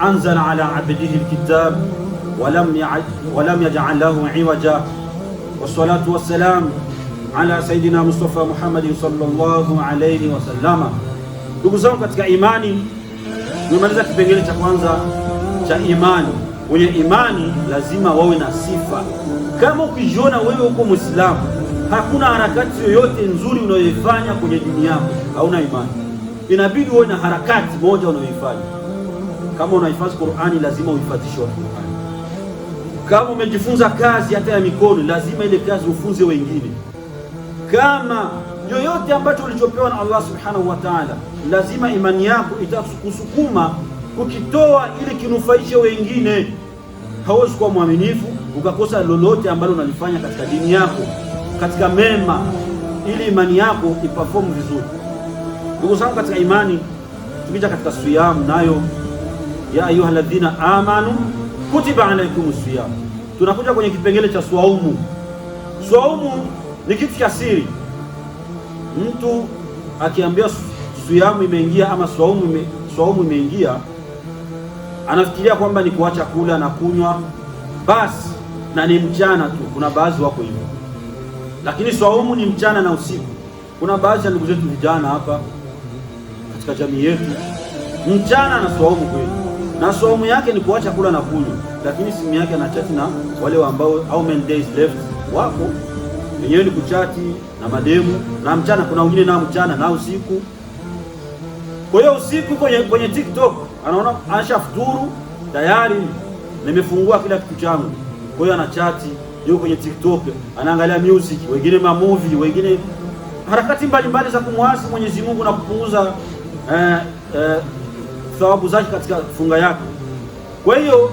anzala الكتاب ولم ولم walam له عوجا iwaja wassalatu wassalam ala sayidina Mustafa صلى الله عليه وسلم Ndugu zangu katika imani, nimemaliza kipengele cha kwanza cha imani. Wenye imani lazima wawe na sifa. Kama ukijiona wewe uko mwislamu hakuna harakati yoyote nzuri unayoifanya kwenye dini yako, hauna imani. Inabidi uwe na harakati moja unayoifanya kama unahifadhi Qur'ani, lazima uhifadhishe watu Qur'ani. Kama umejifunza kazi hata ya mikono, lazima ile kazi ufunze wengine. Kama yoyote ambacho ulichopewa na Allah subhanahu wa ta'ala, lazima imani yako itakusukuma kukitoa ili kinufaishe wengine. Hauwezi kuwa mwaminifu ukakosa lolote ambalo unalifanya katika dini yako, katika mema, ili imani yako iperform vizuri. Ndugu zangu katika imani, tukija katika siyamu nayo ya ayuha ladhina amanu kutiba alaikumu siyam. Tunakuja kwenye kipengele cha swaumu. Swaumu ni kitu cha siri. Mtu akiambia suyamu imeingia ama swaumu ime, swaumu imeingia anafikiria kwamba ni kuacha kula na kunywa basi na ni mchana tu. Kuna baadhi wako hivyo, lakini swaumu ni mchana na usiku. Kuna baadhi ya ndugu zetu vijana hapa katika jamii yetu mchana na swaumu kweli na somu yake ni kuacha kula na kunywa, lakini simu yake anachati na wale ambao how many days left wako wenyewe ni kuchati na mademu na mchana. Kuna wengine na mchana na usiku. Kwa hiyo usiku kwenye, kwenye TikTok anaona asha futuru tayari, nimefungua kila kitu changu. Kwa hiyo anachati yuko kwenye TikTok, anaangalia music, wengine ma movie, wengine harakati mbalimbali za kumwasi Mwenyezi Mungu na kupuuza eh, eh, thawabu zake katika funga yako. Kwa hiyo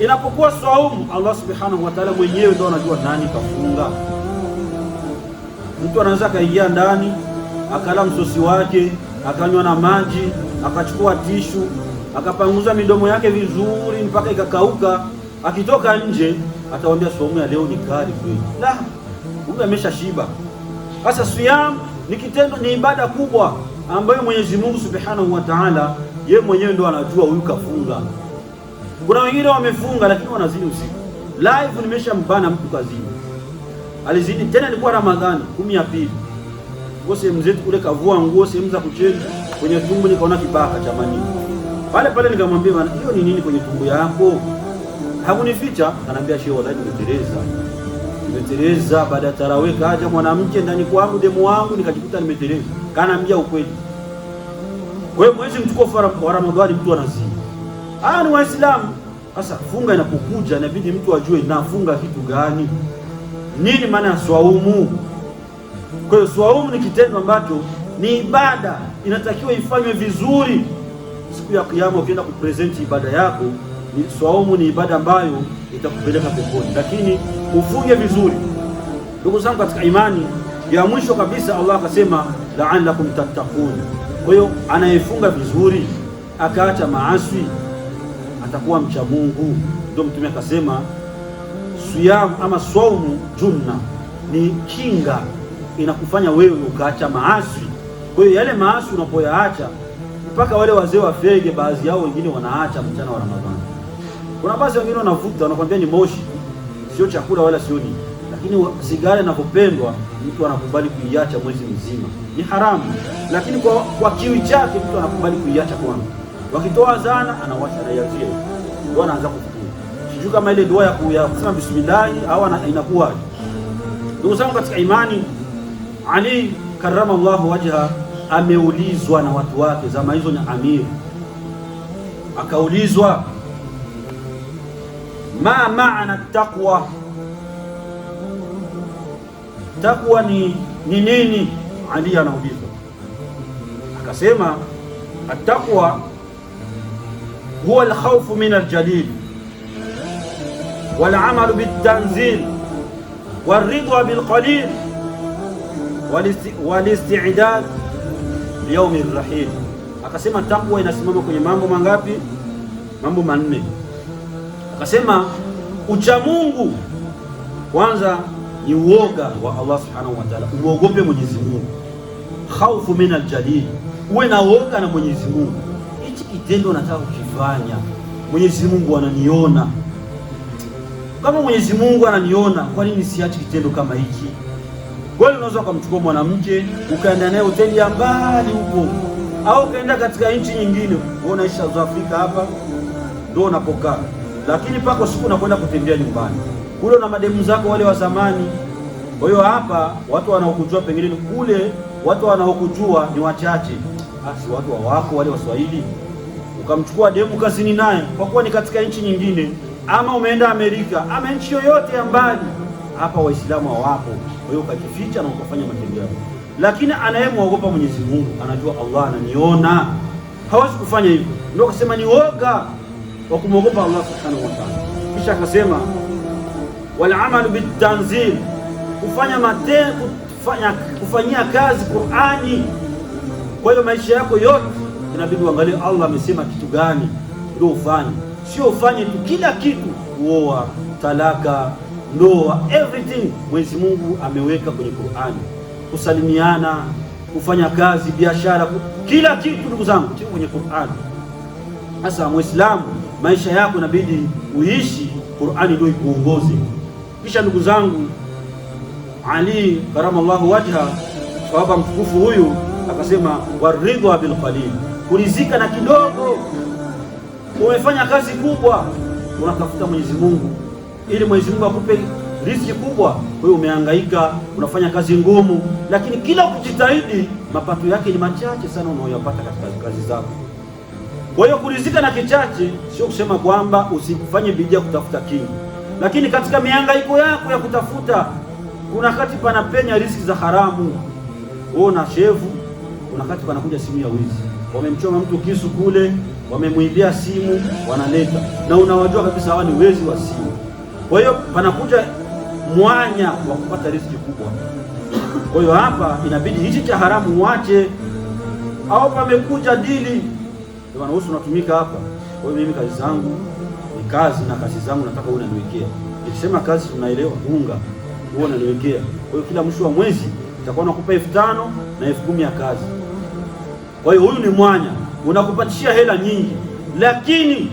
inapokuwa swaumu, Allah subhanahu wa ta'ala mwenyewe ndio anajua nani kafunga. Mtu anaweza akaingia ndani akala msosi wake akanywa na maji akachukua tishu akapanguza midomo yake vizuri mpaka ikakauka, akitoka nje atawambia swaumu ya leo ni kali kweli. La, huyu amesha shiba. Sasa siyam ni kitendo, ni ibada kubwa ambayo Mwenyezi Mungu subhanahu wa ta'ala ye mwenyewe ndo anajua huyu kafunga. Kuna wengine wamefunga lakini wanazini usiku. Live nimeshambana mtu kazini, alizidi tena, ilikuwa Ramadhani kumi ya pili sehemu zetu kule, kavua nguo sehemu za kucheza kwenye tumbo, nikaona kibaka cha mani pale pale, nikamwambia bana, hiyo ni nini kwenye tumbo yako? Hakunificha, ananiambia shehe, wadai nimeteleza, nimeteleza. Baada ya tarawih kaja mwanamke ndani kwangu, demu wangu, nikajikuta nimeteleza. Kanaambia ukweli kwa hiyo mwezi mtukufu wa Ramadhani mtu anazini. Haya ni Waislamu. Sasa funga inapokuja inabidi mtu ajue nafunga kitu gani, nini maana ya swaumu. Kwa hiyo swaumu ni kitendo ambacho ni ibada inatakiwa ifanywe vizuri. Siku ya Kiyama ukienda kupresenti ibada yako ni swaumu, ni ibada ambayo itakupeleka peponi, lakini ufunge vizuri. Ndugu zangu katika imani, ya mwisho kabisa Allah akasema la'allakum tattaqun kwa hiyo anayefunga vizuri akaacha maasi atakuwa mcha Mungu. Ndio Mtume akasema siyam ama swaumu jumna ni kinga, inakufanya wewe ukaacha maasi. Kwa hiyo yale maasi unapoyaacha, mpaka wale wazee wa fege, baadhi yao wengine wanaacha mchana wa Ramadhani. Kuna baadhi wengine wanavuta, wanakwambia ni moshi, sio chakula wala sio nini lakini sigara inavyopendwa, mtu anakubali kuiacha mwezi mzima, ni haramu, lakini kwa, kwa kiwi chake mtu anakubali kuiacha kwanza. Wakitoa zana, anawacha anaiachia, ndio anaanza kufukuza. Sijui kama ile dua ya kusema bismillah au inakuwa. Ndugu zangu katika imani, Ali karama Allah wajha ameulizwa na watu wake, zama hizo ni amiri, akaulizwa ma maana taqwa takwa ni ni nini? Ali anaulizwa akasema, atakwa huwa alkhawfu min aljalil walamalu biltanzil waridwa bilqalil walistidad liyaumi rrahil. Akasema takwa inasimama kwenye mambo mangapi? Mambo manne. Akasema uchamungu kwanza ni uoga wa Allah subhanahu wa ta'ala. Uogope Mwenyezi Mungu, khaufu min aljalili uwe na uoga na Mwenyezi Mungu. Hichi kitendo nataka kukifanya, Mwenyezi Mungu ananiona. Kama Mwenyezi Mungu ananiona, kwa nini siachi kitendo kama hiki? Kweli unaweza ukamchukua mwanamke ukaenda naye hoteli ya mbali huko, au ukaenda katika nchi nyingine. Unaishi South Africa hapa ndio unapokaa, lakini pako siku unakwenda kutembea nyumbani kule na mademu zako wale wa zamani. Kwa hiyo hapa watu wanaokujua pengine ni kule, watu wanaokujua ni wachache, basi watu wa wako wale Waswahili, ukamchukua demu kazini naye, kwa kuwa ni katika nchi nyingine, ama umeenda Amerika ama nchi yoyote ya mbali, hapa Waislamu hawapo. Kwa hiyo ukajificha na ukafanya matendo yako, lakini anayemwogopa Mwenyezi Mungu anajua Allah ananiona, hawezi kufanya hivyo. Ndio kasema ni woga wa kumwogopa Allah subhanahu wa ta'ala, kisha akasema walamalu bitanzil, kufanya mate, kufanya, kufanyia kazi Qurani. Kwa hiyo maisha yako yote inabidi uangalie Allah amesema kitu gani ndio ufanye, sio ufanye tu kila kitu, kuoa, talaka, ndoa, everything Mwenyezi Mungu ameweka kwenye Qurani, kusalimiana, kufanya kazi, biashara, kila kitu ndugu zangu kiko kwenye Qurani. Sasa Muislamu, maisha yako inabidi uishi Qurani ndio ikuongoze. Kisha ndugu zangu, Ali karamallahu wajha, sahaba mtukufu huyu akasema, waridha bil qalil, kurizika na kidogo. Umefanya kazi kubwa, unatafuta Mwenyezi Mungu ili Mwenyezi Mungu akupe riziki kubwa. Wewe umehangaika, unafanya kazi ngumu, lakini kila kujitahidi, mapato yake ni machache sana unaoyapata katika kazi zako. Kwa hiyo kurizika na kichache sio kusema kwamba usifanye bidii kutafuta kingi lakini katika mihangaiko yako ya kutafuta, kuna kati panapenya riziki za haramu. na shevu, kuna kati panakuja simu ya wizi. Wamemchoma mtu kisu kule, wamemwibia simu, wanaleta na unawajua kabisa hawa ni wezi wa simu. Kwa hiyo panakuja mwanya wa kupata riziki kubwa. Kwa hiyo hapa inabidi hichi cha haramu uache, au pamekuja dili ndio unahusu unatumika hapa. Kwa hiyo mimi kazi zangu kazi na kazi zangu nataka uwe unaniwekea. Nikisema kazi tunaelewa unga, uwe unaniwekea. Kwa hiyo kila mwisho wa mwezi nitakuwa nakupa elfu tano na elfu kumi ya kazi. Kwa hiyo huyu ni mwanya, unakupatishia hela nyingi, lakini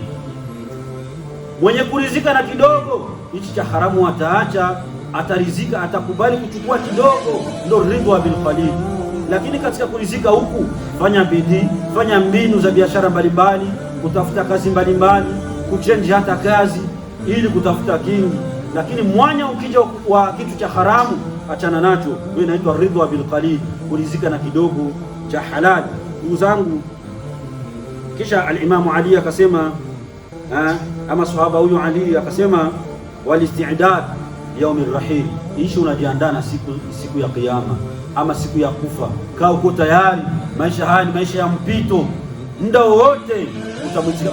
mwenye kurizika na kidogo hichi cha haramu ataacha, atarizika, atakubali kuchukua kidogo, ndo ridwa bil qalil. Lakini katika kurizika huku, fanya bidii, fanya mbinu za biashara mbalimbali, kutafuta kazi mbalimbali kuchenji hata kazi ili kutafuta kingi, lakini mwanya ukija wa kitu cha haramu achana nacho. Hiyo inaitwa ridwa bil qalil, kulizika na kidogo cha halali. Ndugu zangu, kisha alimamu Ali akasema ha, ama sahaba huyu Ali akasema walistidad yaumi rahil, ishi unajiandaa na siku, siku ya kiyama ama siku ya kufa. Kaa uko tayari, maisha haya ni maisha ya mpito, muda wowote utamwitika